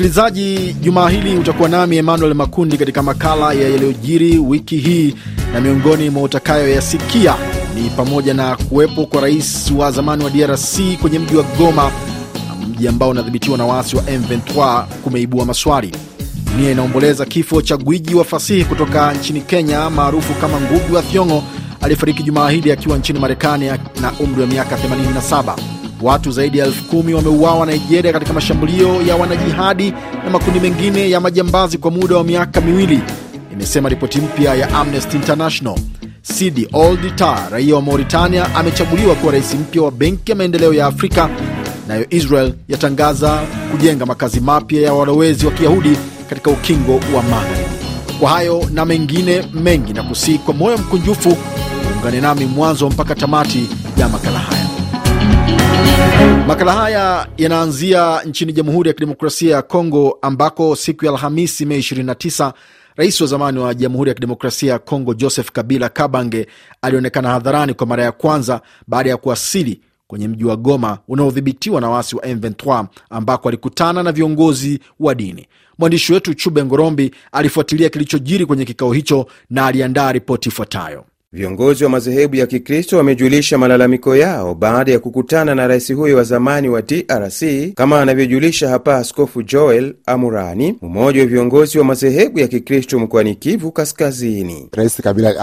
Msikilizaji, jumaa hili utakuwa nami Emmanuel Makundi katika makala ya yaliyojiri wiki hii, na miongoni mwa utakayoyasikia ni pamoja na kuwepo kwa rais wa zamani wa DRC kwenye mji wa Goma, mji ambao unadhibitiwa na waasi wa M23, kumeibua maswali. Dunia inaomboleza kifo cha gwiji wa fasihi kutoka nchini Kenya maarufu kama Ngugi wa Thiong'o aliyefariki jumaa hili akiwa nchini Marekani na umri wa miaka 87. Watu zaidi ya elfu kumi wameuawa Nigeria katika mashambulio ya wanajihadi na makundi mengine ya majambazi kwa muda wa miaka miwili, imesema ripoti mpya ya Amnesty International. Sidi Ould Tah, raia wa Mauritania, amechaguliwa kuwa rais mpya wa Benki ya Maendeleo ya Afrika. Nayo Israel yatangaza kujenga makazi mapya ya walowezi wa Kiyahudi katika ukingo wa Magharibi. Kwa hayo na mengine mengi, na kusii kwa moyo mkunjufu, ungane nami mwanzo mpaka tamati ya makazi. Makala haya yanaanzia nchini Jamhuri ya Kidemokrasia ya Kongo, ambako siku ya Alhamisi Mei 29 rais wa zamani wa Jamhuri ya Kidemokrasia ya Kongo Joseph Kabila Kabange alionekana hadharani kwa mara ya kwanza baada ya kuwasili kwenye mji wa Goma unaodhibitiwa na waasi wa M23 ambako alikutana na viongozi wa dini. Mwandishi wetu Chube Ngorombi alifuatilia kilichojiri kwenye kikao hicho na aliandaa ripoti ifuatayo. Viongozi wa madhehebu ya Kikristo wamejulisha malalamiko yao baada ya kukutana na rais huyo wa zamani wa DRC, kama anavyojulisha hapa Askofu Joel Amurani, mmoja wa viongozi wa madhehebu ya Kikristo mkoani Kivu Kaskazini. Rais Kabila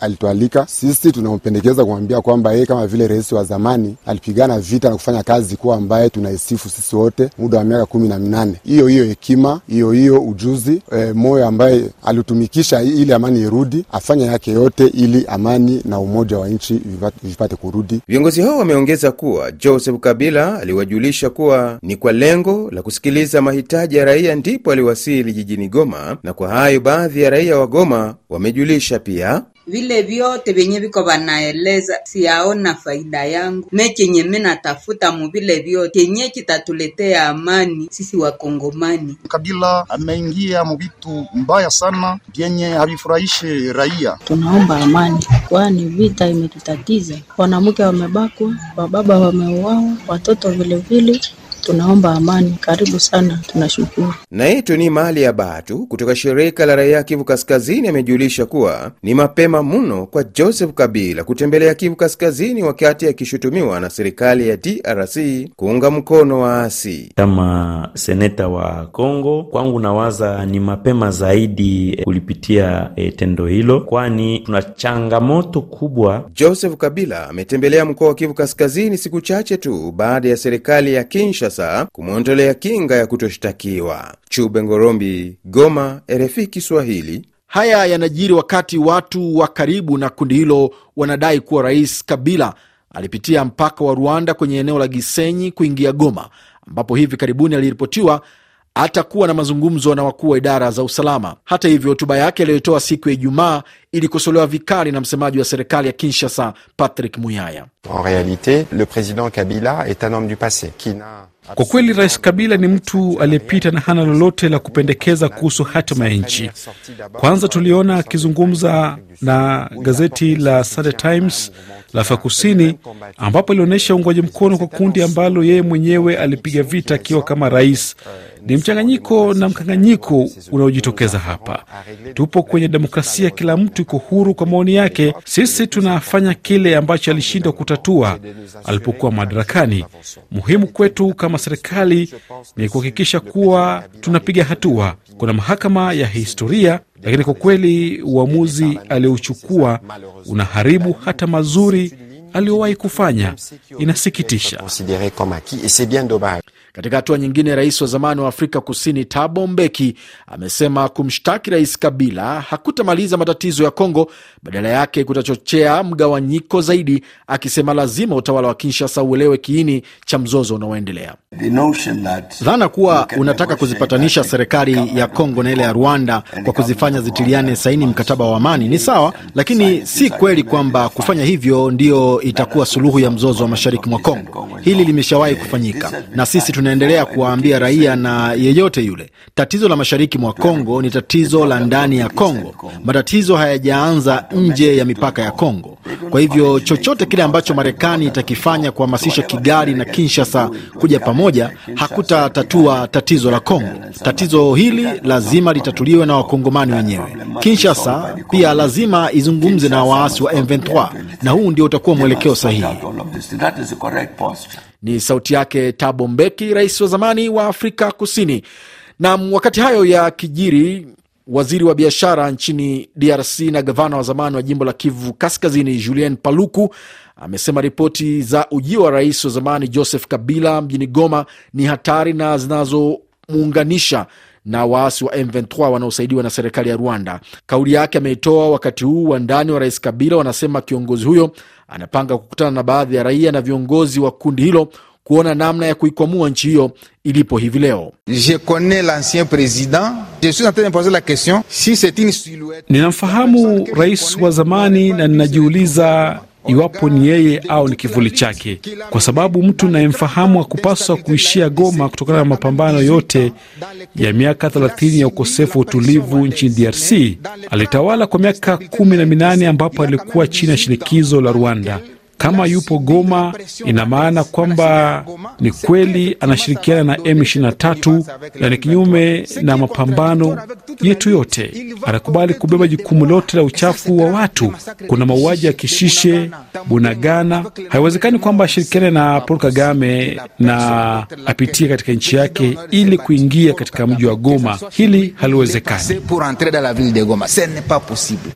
alitualika ali sisi, tunampendekeza kumwambia kwamba yeye kama vile rais wa zamani alipigana vita na kufanya kazi kuwa ambaye tunaisifu sisi wote muda wa miaka kumi na minane, hiyo hiyo hekima hiyo hiyo ujuzi, e, moyo ambaye alitumikisha ili amani irudi, afanya yake yote ili amani na umoja wa nchi vipate kurudi. Viongozi hao wameongeza kuwa Joseph Kabila aliwajulisha kuwa ni kwa lengo la kusikiliza mahitaji ya raia ndipo aliwasili jijini Goma, na kwa hayo baadhi ya raia wa Goma wamejulisha pia vile vyote vyenye viko vanaeleza siyaona faida yangu me chenye mi natafuta muvile vyote chenye kitatuletea amani sisi Wakongomani. Kabila ameingia muvitu mbaya sana vyenye havifurahishe raia. Tunaomba amani, kwani vita imetutatiza. Wanamke wamebakwa, wababa wameuawa, watoto vilevile vile. Tunaomba amani. Karibu sana, tunashukuru. Naye Toni Mali batu kutoka shirika la raia Kivu Kaskazini amejulisha kuwa ni mapema mno kwa Joseph Kabila kutembelea Kivu Kaskazini wakati akishutumiwa na serikali ya DRC kuunga mkono waasi. Kama seneta wa congo kwangu nawaza ni mapema zaidi eh, kulipitia e, tendo hilo, kwani tuna changamoto kubwa. Joseph Kabila ametembelea mkoa wa Kivu Kaskazini siku chache tu baada ya serikali ya Kinshasa sasa kumwondolea kinga ya kutoshtakiwa. Chube Ngorombi, Goma, RFI Kiswahili. Haya yanajiri wakati watu wa karibu na kundi hilo wanadai kuwa Rais Kabila alipitia mpaka wa Rwanda kwenye eneo la Gisenyi kuingia Goma, ambapo hivi karibuni aliripotiwa atakuwa na mazungumzo na wakuu wa idara za usalama. Hata hivyo, hotuba yake aliyoitoa siku ya Ijumaa ilikosolewa vikali na msemaji wa serikali ya Kinshasa, Patrick Muyaya. En realite, le president Kabila est un homme du passe qui na kwa kweli Rais Kabila ni mtu aliyepita na hana lolote la kupendekeza kuhusu hatima ya nchi. Kwanza tuliona akizungumza na gazeti la Sunday Times la Afrika Kusini, ambapo alionyesha uungwaji mkono kwa kundi ambalo yeye mwenyewe alipiga vita akiwa kama rais. Ni mchanganyiko na mkanganyiko unaojitokeza hapa. Tupo kwenye demokrasia, kila mtu iko huru kwa maoni yake. Sisi tunafanya kile ambacho alishindwa kutatua alipokuwa madarakani. Muhimu kwetu kama serikali ni kuhakikisha kuwa tunapiga hatua. Kuna mahakama ya historia lakini kwa kweli uamuzi aliochukua unaharibu hata mazuri aliyowahi kufanya. Inasikitisha. Katika hatua nyingine, rais wa zamani wa Afrika Kusini Thabo Mbeki amesema kumshtaki Rais Kabila hakutamaliza matatizo ya Kongo, badala yake kutachochea mgawanyiko zaidi, akisema lazima utawala wa Kinshasa uelewe kiini cha mzozo unaoendelea. Dhana kuwa unataka kuzipatanisha serikali ya Kongo na ile ya Rwanda kwa kuzifanya zitiliane saini mkataba wa amani ni sawa, lakini si kweli kwamba kufanya hivyo ndiyo itakuwa suluhu ya mzozo wa mashariki mwa Kongo. Hili limeshawahi kufanyika na sisi tunaendelea kuwaambia raia na yeyote yule, tatizo la mashariki mwa Kongo ni tatizo la ndani ya Kongo. Matatizo hayajaanza nje ya mipaka ya Kongo. Kwa hivyo chochote kile ambacho Marekani itakifanya kuhamasisha Kigali na Kinshasa kuja pamoja hakutatatua tatizo la Kongo. Tatizo hili lazima litatuliwe na wakongomani wenyewe. Kinshasa pia lazima izungumze na waasi wa M23 na huu ndio utakuwa mwelekeo sahihi. Ni sauti yake Tabo Mbeki, rais wa zamani wa Afrika Kusini. Na wakati hayo ya kijiri Waziri wa biashara nchini DRC na gavana wa zamani wa jimbo la Kivu Kaskazini, Julien Paluku, amesema ripoti za ujio wa rais wa zamani Joseph Kabila mjini Goma ni hatari na zinazomuunganisha na waasi wa M23 wanaosaidiwa na serikali ya Rwanda. Kauli yake ameitoa wakati huu wa ndani wa rais Kabila wanasema kiongozi huyo anapanga kukutana na baadhi ya raia na viongozi wa kundi hilo kuona namna ya kuikwamua nchi hiyo ilipo hivi leo. Ninamfahamu rais wa zamani na ninajiuliza iwapo ni yeye au ni kivuli chake, kwa sababu mtu nayemfahamu hakupaswa kuishia Goma kutokana na mapambano yote ya miaka 30 ya ukosefu wa utulivu nchini DRC. Alitawala kwa miaka kumi na minane ambapo alikuwa chini ya shinikizo la Rwanda. Kama yupo Goma, ina maana kwamba ni kweli anashirikiana na M23 na ni kinyume na mapambano yetu yote. Anakubali kubeba jukumu lote la uchafu wa watu. Kuna mauaji ya Kishishe, Bunagana. Haiwezekani kwamba ashirikiane na Paul Kagame na apitie katika nchi yake ili kuingia katika mji wa Goma. Hili haliwezekani.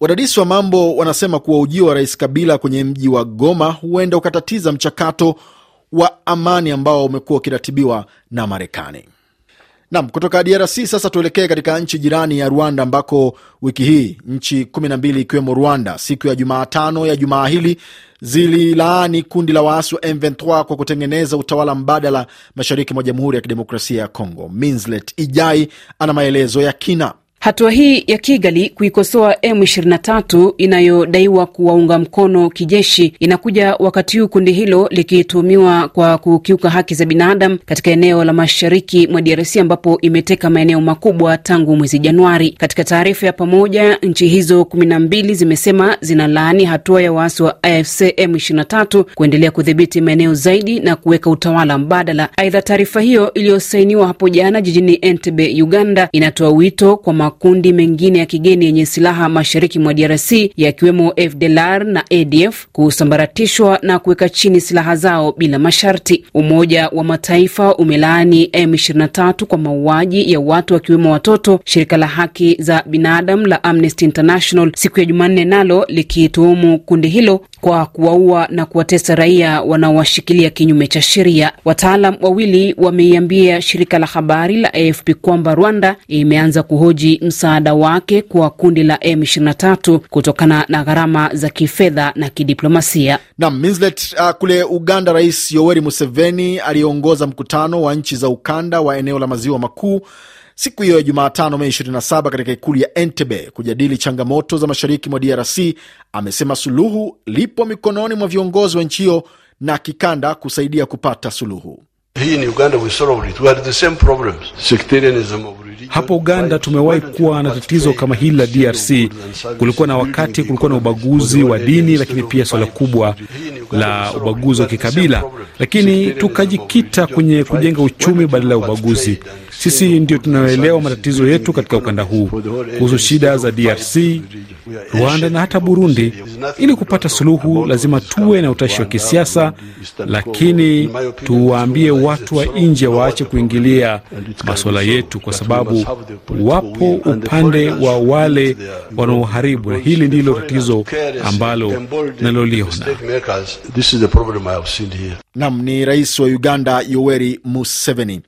Wadadisi wa mambo wanasema kuwa ujio wa Rais Kabila kwenye mji wa Goma huenda ukatatiza mchakato wa amani ambao umekuwa ukiratibiwa na Marekani. Nam, kutoka DRC sasa tuelekee katika nchi jirani ya Rwanda, ambako wiki hii nchi 12 ikiwemo Rwanda siku ya Jumatano ya jumaa hili zililaani kundi la waasi wa M23 kwa kutengeneza utawala mbadala mashariki mwa Jamhuri ya Kidemokrasia ya Kongo. Minslet Ijai ana maelezo ya kina. Hatua hii ya Kigali kuikosoa M23 inayodaiwa kuwaunga mkono kijeshi inakuja wakati huu kundi hilo likituhumiwa kwa kukiuka haki za binadamu katika eneo la mashariki mwa DRC ambapo imeteka maeneo makubwa tangu mwezi Januari. Katika taarifa ya pamoja, nchi hizo kumi na mbili zimesema zinalaani hatua ya waasi wa AFC M23 kuendelea kudhibiti maeneo zaidi na kuweka utawala mbadala. Aidha, taarifa hiyo iliyosainiwa hapo jana jijini Entebbe, Uganda, inatoa wito kwa makundi mengine ya kigeni yenye silaha mashariki mwa DRC yakiwemo FDLR na ADF kusambaratishwa na kuweka chini silaha zao bila masharti. Umoja wa Mataifa umelaani M23 kwa mauaji ya watu wakiwemo watoto, shirika la haki za binadamu la Amnesty International siku ya Jumanne nalo likituhumu kundi hilo kwa kuwaua na kuwatesa raia wanaowashikilia kinyume cha sheria. Wataalam wawili wameiambia shirika la habari la AFP kwamba Rwanda imeanza kuhoji msaada wake kwa kundi la M23 kutokana na gharama za kifedha na kidiplomasia. Naam, Minslet, uh, kule Uganda Rais Yoweri Museveni aliyeongoza mkutano wa nchi za ukanda wa eneo la maziwa makuu siku hiyo ya Jumatano, Mei 27 katika ikulu ya Entebbe kujadili changamoto za mashariki mwa DRC. Amesema suluhu lipo mikononi mwa viongozi wa nchi hiyo na kikanda kusaidia kupata suluhu. Hii ni Uganda, we solved it. We had the same problems. Sectarianism of hapo Uganda tumewahi kuwa na tatizo kama hili la DRC. Kulikuwa na wakati kulikuwa na ubaguzi wa dini, lakini pia suala kubwa la ubaguzi wa kikabila, lakini tukajikita kwenye kujenga uchumi badala ya ubaguzi. Sisi ndio tunaoelewa matatizo yetu katika ukanda huu. Kuhusu shida za DRC, Rwanda na hata Burundi, ili kupata suluhu lazima tuwe na utashi wa kisiasa, lakini tuwaambie watu wa nje waache kuingilia masuala yetu, kwa sababu sababu wapo upande wa wale wanaoharibu, na hili ndilo tatizo ambalo naloliona. Nam ni rais wa Uganda Yoweri Museveni.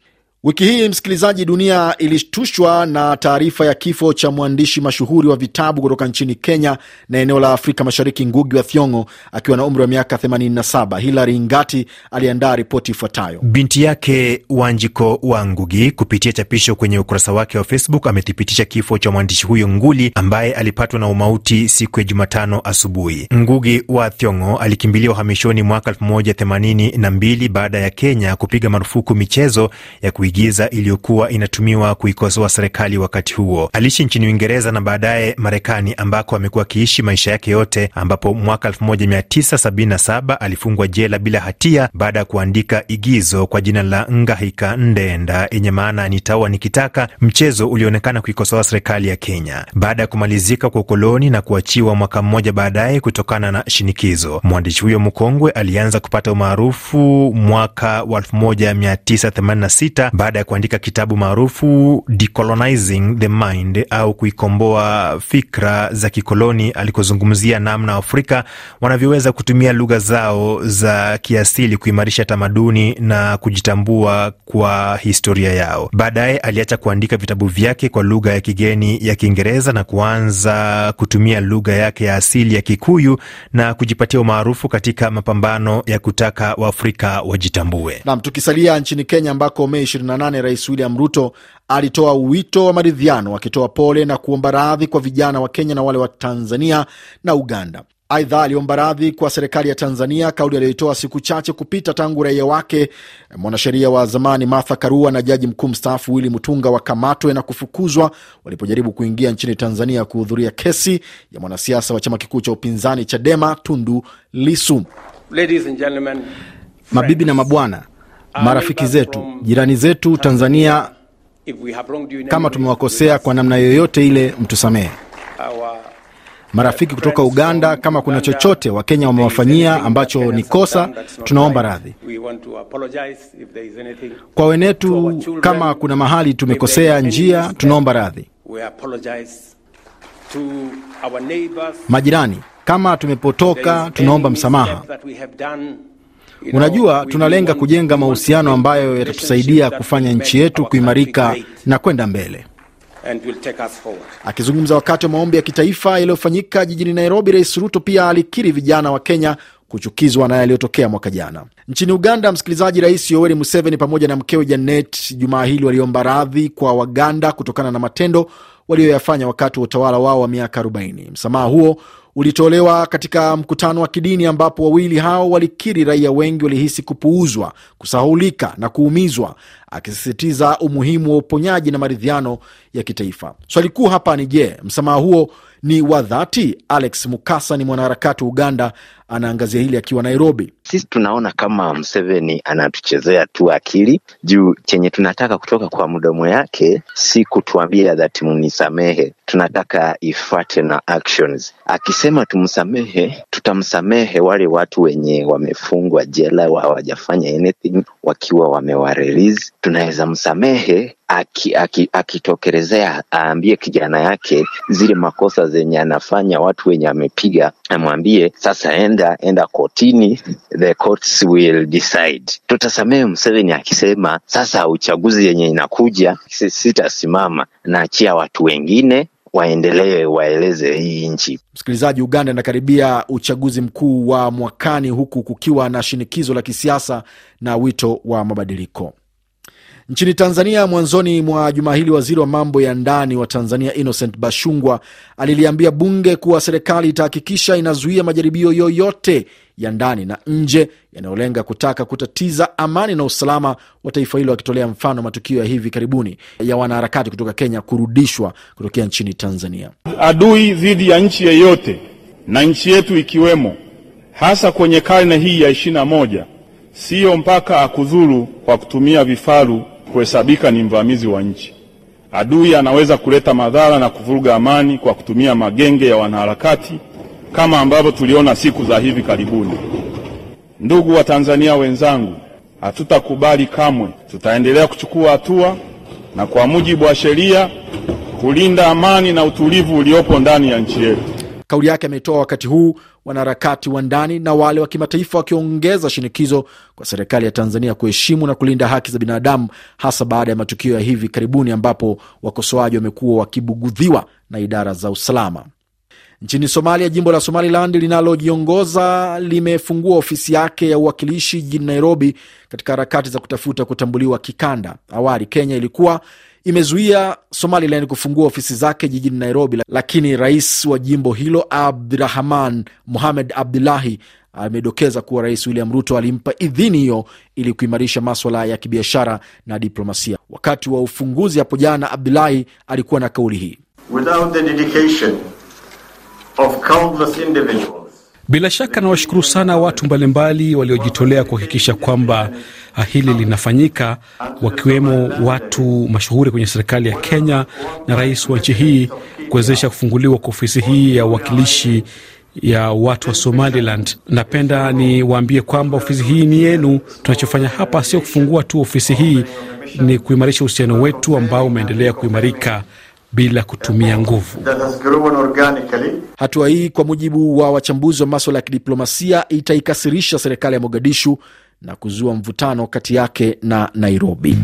Wiki hii msikilizaji, dunia ilishtushwa na taarifa ya kifo cha mwandishi mashuhuri wa vitabu kutoka nchini Kenya na eneo la Afrika Mashariki, Ngugi wa Thiong'o akiwa na umri wa miaka 87. Hilary Ngati aliandaa ripoti ifuatayo. Binti yake Wanjiko wa Ngugi, kupitia chapisho kwenye ukurasa wake wa Facebook, amethibitisha kifo cha mwandishi huyo nguli ambaye alipatwa na umauti siku ya Jumatano asubuhi. Ngugi wa Thiong'o alikimbilia uhamishoni mwaka 1982 baada ya Kenya kupiga marufuku michezo ya kui kuigiza iliyokuwa inatumiwa kuikosoa serikali wakati huo. Aliishi nchini Uingereza na baadaye Marekani, ambako amekuwa akiishi maisha yake yote, ambapo mwaka 1977 alifungwa jela bila hatia baada ya kuandika igizo kwa jina la Ngahika Ndenda yenye maana nitaua nikitaka, mchezo ulioonekana kuikosoa serikali ya Kenya baada ya kumalizika kwa ukoloni na kuachiwa mwaka mmoja baadaye kutokana na shinikizo. Mwandishi huyo mkongwe alianza kupata umaarufu mwaka wa 1986 baada ya kuandika kitabu maarufu Decolonizing the Mind au kuikomboa fikra za kikoloni, alikozungumzia namna Afrika wanavyoweza kutumia lugha zao za kiasili kuimarisha tamaduni na kujitambua kwa historia yao. Baadaye aliacha kuandika vitabu vyake kwa lugha ya kigeni ya Kiingereza na kuanza kutumia lugha yake ya asili ya Kikuyu na kujipatia umaarufu katika mapambano ya kutaka Waafrika wajitambue. Nam, tukisalia nchini Kenya ambako Mei 2018 Rais William Ruto alitoa wito wa maridhiano akitoa pole na kuomba radhi kwa vijana wa Kenya na wale wa Tanzania na Uganda. Aidha, aliomba radhi kwa serikali ya Tanzania, kauli aliyoitoa siku chache kupita tangu raia wake mwanasheria wa zamani Martha Karua na jaji mkuu mstaafu Willy Mutunga wakamatwe na kufukuzwa walipojaribu kuingia nchini Tanzania kuhudhuria kesi ya mwanasiasa wa chama kikuu cha upinzani Chadema Tundu Lissu. Mabibi na mabwana marafiki zetu, jirani zetu Tanzania, kama tumewakosea kwa namna yoyote ile, mtusamehe. Marafiki kutoka Uganda, kama kuna chochote Wakenya wamewafanyia ambacho ni kosa, tunaomba radhi. Kwa wenetu, kama kuna mahali tumekosea njia, tunaomba radhi. Majirani, kama tumepotoka, tunaomba msamaha. Unajua, tunalenga kujenga mahusiano ambayo yatatusaidia kufanya nchi yetu kuimarika na kwenda mbele. Akizungumza wakati wa maombi ya kitaifa yaliyofanyika jijini Nairobi, Rais Ruto pia alikiri vijana wa Kenya kuchukizwa na yaliyotokea mwaka jana nchini Uganda. Msikilizaji, Rais Yoweri Museveni pamoja na mkewe Janet jumaa hili waliomba radhi kwa Waganda kutokana na matendo walioyafanya wakati wa utawala wao wa miaka 40. Msamaha huo ulitolewa katika mkutano wa kidini ambapo wawili hao walikiri raia wengi walihisi kupuuzwa, kusahulika na kuumizwa, akisisitiza umuhimu wa uponyaji na maridhiano ya kitaifa. Swali kuu hapa ni je, msamaha huo ni wa dhati? Alex Mukasa ni mwanaharakati wa Uganda anaangazia hili akiwa Nairobi. Sisi tunaona kama Mseveni anatuchezea tu akili juu, chenye tunataka kutoka kwa mdomo yake si kutuambia that munisamehe, tunataka ifuate na actions. Akisema tumsamehe, tutamsamehe wale watu wenye wamefungwa jela hawajafanya anything, wakiwa wamewarelease, tunaweza msamehe akitokerezea aki, aki aambie kijana yake zile makosa zenye anafanya, watu wenye amepiga amwambie sasa, enda enda kotini, the courts will decide. Tutasamehe Museveni akisema sasa uchaguzi yenye inakuja sitasimama, naachia watu wengine waendelee waeleze hii nchi. Msikilizaji, Uganda inakaribia uchaguzi mkuu wa mwakani huku kukiwa na shinikizo la kisiasa na wito wa mabadiliko. Nchini Tanzania, mwanzoni mwa juma hili, waziri wa mambo ya ndani wa Tanzania Innocent Bashungwa aliliambia bunge kuwa serikali itahakikisha inazuia majaribio yoyote ya ndani na nje yanayolenga kutaka kutatiza amani na usalama wa taifa hilo, akitolea mfano matukio ya hivi karibuni ya wanaharakati kutoka Kenya kurudishwa kutokea nchini Tanzania. Adui dhidi ya nchi yeyote na nchi yetu ikiwemo, hasa kwenye karne hii ya ishirini na moja, siyo mpaka akudhuru kwa kutumia vifaru kuhesabika ni mvamizi wa nchi. Adui anaweza kuleta madhara na kuvuruga amani kwa kutumia magenge ya wanaharakati kama ambavyo tuliona siku za hivi karibuni. Ndugu wa Tanzania wenzangu, hatutakubali kamwe. Tutaendelea kuchukua hatua na kwa mujibu wa sheria kulinda amani na utulivu uliopo ndani ya nchi yetu. Kauli yake ametoa wakati huu wanaharakati wa ndani na wale wa kimataifa wakiongeza shinikizo kwa serikali ya Tanzania kuheshimu na kulinda haki za binadamu, hasa baada ya matukio ya hivi karibuni ambapo wakosoaji wamekuwa wakibugudhiwa na idara za usalama. Nchini Somalia, jimbo la Somaliland linalojiongoza limefungua ofisi yake ya uwakilishi jijini Nairobi katika harakati za kutafuta kutambuliwa kikanda. Awali Kenya ilikuwa imezuia Somaliland kufungua ofisi zake jijini Nairobi, lakini rais wa jimbo hilo Abdirahman muhamed Abdullahi amedokeza kuwa Rais William Ruto alimpa idhini hiyo ili kuimarisha maswala ya kibiashara na diplomasia. Wakati wa ufunguzi hapo jana, Abdullahi alikuwa na kauli hii: Without the dedication of countless individuals bila shaka nawashukuru sana watu mbalimbali waliojitolea kuhakikisha kwamba ah, hili linafanyika, wakiwemo watu mashuhuri kwenye serikali ya Kenya na rais wa nchi hii kuwezesha kufunguliwa kwa ofisi hii ya uwakilishi ya watu wa Somaliland. Napenda niwaambie kwamba ofisi hii ni yenu. Tunachofanya hapa sio kufungua tu ofisi hii, ni kuimarisha uhusiano wetu ambao umeendelea kuimarika bila kutumia nguvu. Hatua hii kwa mujibu wa wachambuzi wa maswala ya kidiplomasia itaikasirisha serikali ya Mogadishu na kuzua mvutano kati yake na Nairobi.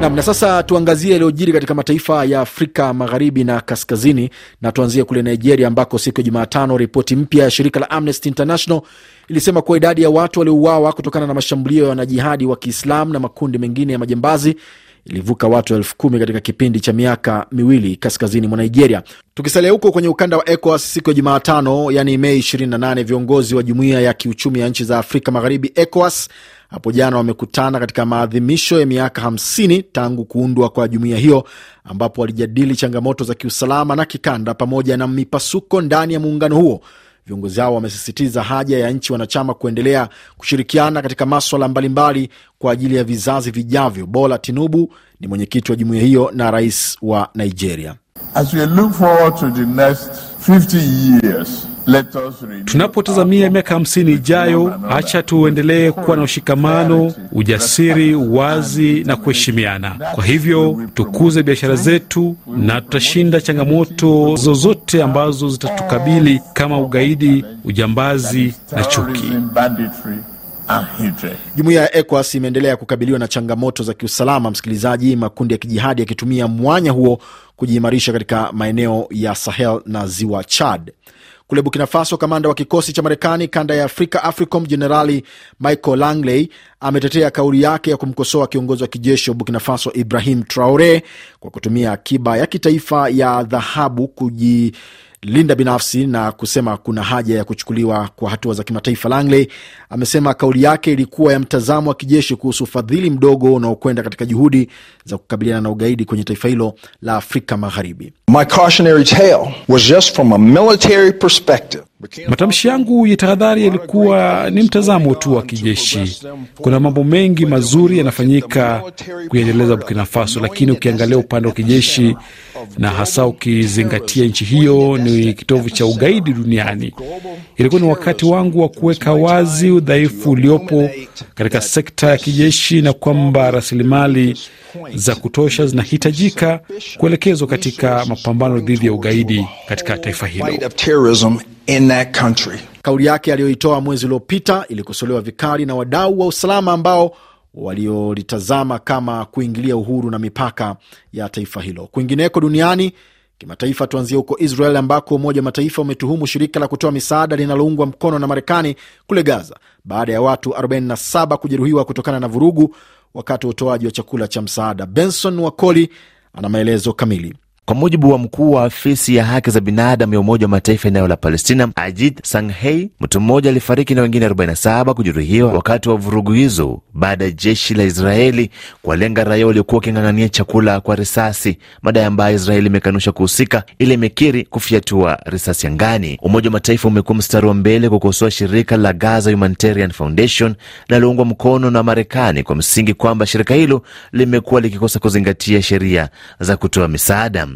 Nam, na sasa tuangazie yaliyojiri katika mataifa ya Afrika magharibi na kaskazini, na tuanzie kule Nigeria ambako siku ya Jumatano ripoti mpya ya shirika la Amnesty International ilisema kuwa idadi ya watu waliouawa kutokana na mashambulio ya wanajihadi wa Kiislamu na makundi mengine ya majambazi ilivuka watu elfu kumi katika kipindi cha miaka miwili kaskazini mwa Nigeria. Tukisalia huko kwenye ukanda wa ECOWAS, siku ya Jumatano yani Mei 28, viongozi wa jumuiya ya kiuchumi ya nchi za Afrika Magharibi ECOWAS hapo jana wamekutana katika maadhimisho ya miaka 50 tangu kuundwa kwa jumuiya hiyo, ambapo walijadili changamoto za kiusalama na kikanda pamoja na mipasuko ndani ya muungano huo. Viongozi hao wamesisitiza haja ya nchi wanachama kuendelea kushirikiana katika maswala mbalimbali kwa ajili ya vizazi vijavyo. Bola Tinubu ni mwenyekiti wa jumuiya hiyo na rais wa Nigeria. As we look forward to the next 50 years. Tunapotazamia miaka hamsini ijayo, hacha tuendelee kuwa na ushikamano, ujasiri, uwazi na kuheshimiana. Kwa hivyo tukuze biashara zetu na tutashinda changamoto zozote ambazo zitatukabili kama ugaidi, ujambazi na chuki. Jumuiya ya ECOWAS imeendelea kukabiliwa na changamoto za kiusalama, msikilizaji, makundi ya kijihadi yakitumia mwanya huo kujiimarisha katika maeneo ya Sahel na ziwa Chad. Kule Burkina Faso, kamanda wa kikosi cha Marekani kanda ya Afrika, AFRICOM, Jenerali Michael Langley ametetea kauli yake ya kumkosoa kiongozi wa kijeshi wa Burkina Faso Ibrahim Traore kwa kutumia akiba ya kitaifa ya dhahabu kuji Linda binafsi na kusema kuna haja ya kuchukuliwa kwa hatua za kimataifa. Langley amesema kauli yake ilikuwa ya mtazamo wa kijeshi kuhusu ufadhili mdogo unaokwenda katika juhudi za kukabiliana na ugaidi kwenye taifa hilo la Afrika Magharibi. Matamshi yangu ya tahadhari yalikuwa ni mtazamo tu wa kijeshi. Kuna mambo mengi mazuri yanafanyika kuiendeleza Burkina Faso, lakini ukiangalia upande wa kijeshi na hasa ukizingatia nchi hiyo ni kitovu cha ugaidi duniani. Ilikuwa ni wakati wangu wa kuweka wazi udhaifu uliopo katika sekta ya kijeshi na kwamba rasilimali za kutosha zinahitajika kuelekezwa katika mapambano dhidi ya ugaidi katika taifa hilo. Kauli yake aliyoitoa mwezi uliopita ilikosolewa vikali na wadau wa usalama ambao waliolitazama kama kuingilia uhuru na mipaka ya taifa hilo. Kwingineko duniani kimataifa, tuanzie huko Israel ambako Umoja wa Mataifa umetuhumu shirika la kutoa misaada linaloungwa mkono na Marekani kule Gaza baada ya watu 47 kujeruhiwa kutokana na vurugu wakati wa utoaji wa chakula cha msaada. Benson Wakoli ana maelezo kamili. Kwa mujibu wa mkuu wa afisi ya haki za binadamu ya Umoja wa Mataifa eneo la Palestina, Ajit Sanghei, mtu mmoja alifariki na wengine 47 kujeruhiwa wakati wa vurugu hizo baada ya jeshi la Israeli kuwalenga raia waliokuwa waking'ang'ania chakula kwa risasi, madai ambayo Israeli imekanusha kuhusika, ili imekiri kufyatua risasi angani. Umoja wa Mataifa umekuwa mstari wa mbele kukosoa shirika la Gaza Humanitarian Foundation linaloungwa mkono na Marekani kwa msingi kwamba shirika hilo limekuwa likikosa kuzingatia sheria za kutoa misaada.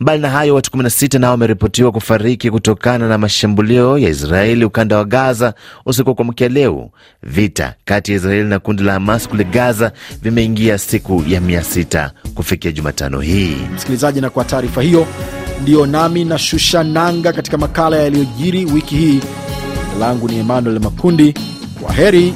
Mbali na hayo, watu 16 nao wameripotiwa kufariki kutokana na mashambulio ya Israeli ukanda wa Gaza usiku wa kuamkia leo. Vita kati ya Israeli na kundi la Hamas kule Gaza vimeingia siku ya 6 kufikia Jumatano hii. Msikilizaji, na kwa taarifa hiyo ndiyo nami na shusha nanga katika makala yaliyojiri wiki hii. Jina langu ni Emmanuel Makundi. Kwa heri.